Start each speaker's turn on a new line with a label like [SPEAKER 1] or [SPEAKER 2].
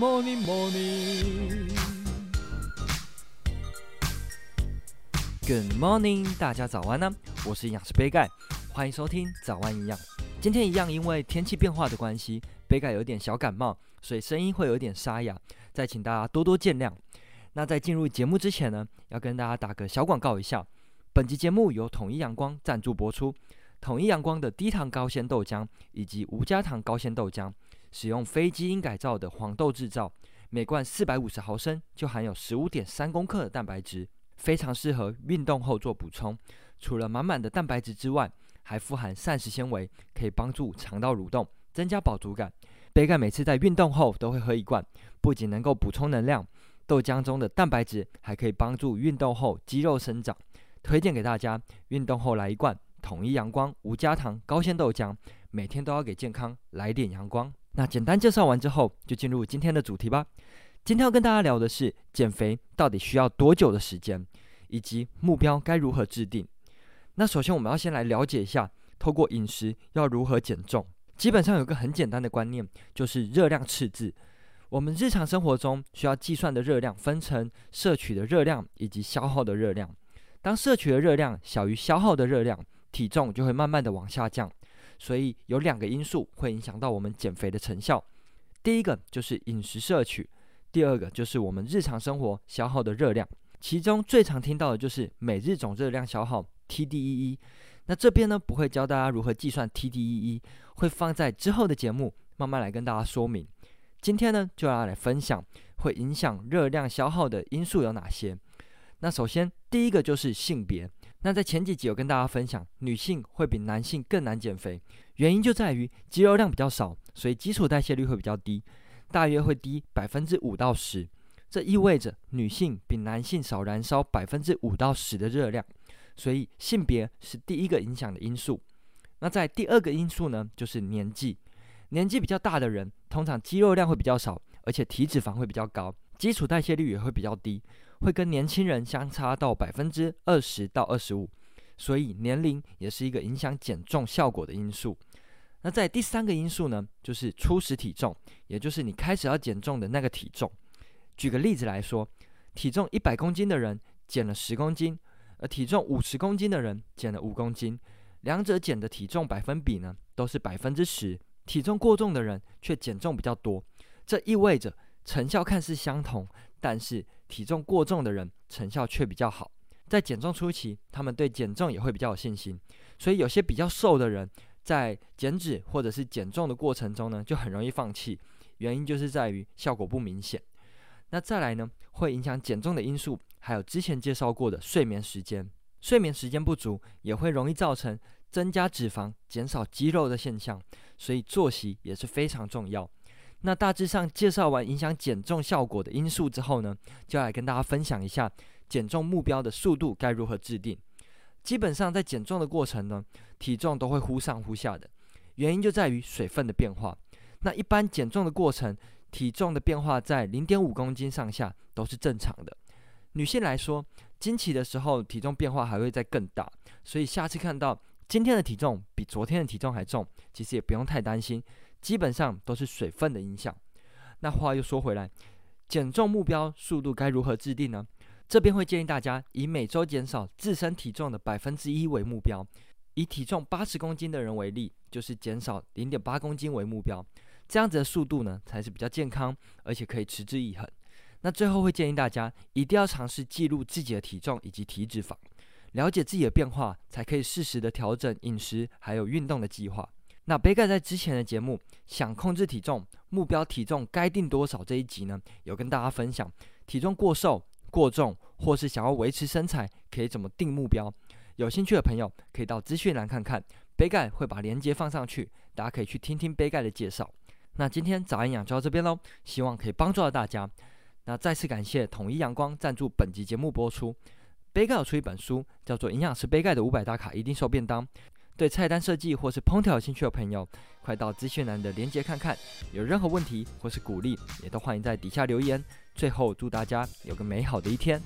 [SPEAKER 1] Morning, morning. Good morning，大家早安呢、啊！我是營養師杯蓋，歡迎收聽早安營養。今天一樣因為天氣變化的關係，杯蓋有點小感冒，所以聲音會有點沙啞，再請大家多多見諒。那在進入節目之前呢，要跟大家打個小廣告一下。本集節目由統一陽光贊助播出，統一陽光的低糖高纖豆漿以及無加糖高纖豆漿。使用非基因改造的黃豆製造，每罐四百五十毫升就含有十五點三公克的蛋白質，非常適合運動後做補充。除了滿滿的蛋白質之外，還富含膳食纖維，可以幫助腸道蠕動，增加飽足感。杯蓋每次在運動後都會喝一罐，不僅能夠補充能量，豆漿中的蛋白質還可以幫助運動後肌肉生長。推薦給大家，運動後來一罐統一陽光無加糖高纖豆漿，每天都要給健康來點陽光。那簡單介紹完之後，就進入今天的主題吧。今天要跟大家聊的是減肥到底需要多久的時間，以及目標該如何制定。那首先我們要先來了解一下，透過飲食要如何減重。基本上有個很簡單的觀念，就是熱量赤字。我們日常生活中需要計算的熱量，分成攝取的熱量以及消耗的熱量。當攝取的熱量小於消耗的熱量，體重就會慢慢的往下降。所以有兩個因素會影響到我們減肥的成效，第一個就是飲食攝取，第二個就是我們日常生活消耗的熱量。其中最常聽到的就是每日總熱量消耗 （TDEE）。那這邊呢不會教大家如何計算 TDEE，會放在之後的節目慢慢來跟大家說明。今天呢就要來分享會影響熱量消耗的因素有哪些。那首先第一個就是性別。那在前幾集有跟大家分享，女性會比男性更難減肥，原因就在於肌肉量比較少，所以基礎代謝率會比較低，大約會低百分之五到十。這意味着女性比男性少燃燒百分之五到十的熱量，所以性別是第一個影響的因素。那在第二個因素呢，就是年紀。年紀比較大的人，通常肌肉量會比較少，而且體脂肪會比較高，基礎代謝率也會比較低。會跟年輕人相差到百分之二十到二十五，所以年齡也是一個影響減重效果的因素。那在第三個因素呢，就是初始體重，也就是你開始要減重的那個體重。舉個例子來說，體重一百公斤的人減了十公斤，而體重五十公斤的人減了五公斤，兩者減的體重百分比呢都是百分之十，體重過重的人卻減重比較多。這意味着成效看似相同。但是體重過重的人，成效卻比較好。在減重初期，他們對減重也會比較有信心。所以有些比較瘦的人，在減脂或者是減重的過程中呢，就很容易放棄。原因就是在於效果不明顯。那再來呢，會影響減重的因素，還有之前介紹過的睡眠時間。睡眠時間不足，也會容易造成增加脂肪、減少肌肉的現象。所以作息也是非常重要。那大致上介紹完影響減重效果的因素之後呢，就來跟大家分享一下減重目標的速度該如何制定。基本上在減重的過程呢，體重都會忽上忽下的，原因就在於水分的變化。那一般減重的過程，體重的變化在零點五公斤上下都是正常的。女性來說，經期的時候體重變化還會再更大，所以下次看到今天的體重比昨天的體重還重，其實也不用太擔心。基本上都是水分的影響。那話又說回來，減重目標速度該如何制定呢？這邊會建議大家以每周減少自身體重的百分之一為目標，以體重八十公斤的人為例，就是減少零點八公斤為目標。這樣子的速度呢，才是比較健康，而且可以持之以恆。那最後會建議大家一定要嘗試記錄自己的體重以及體脂肪，了解自己的變化，才可以適時的調整飲食還有運動的計劃。那杯蓋在之前的節目《想控制體重，目標體重該定多少》這一集呢，有跟大家分享體重過瘦、過重，或是想要維持身材，可以怎麼定目標。有興趣的朋友可以到資訊欄看看，杯蓋會把鏈接放上去，大家可以去聽聽杯蓋的介紹。那今天早安營養就到這邊嘍，希望可以幫助到大家。那再次感謝統一陽光贊助本集節目播出。杯蓋有出一本書，叫做《營養師杯蓋的五百大卡一定瘦便當》。對菜單設計或是烹調有興趣的朋友，快到資訊欄的連結看看。有任何問題或是鼓勵，也都歡迎在底下留言。最後，祝大家有個美好的一天。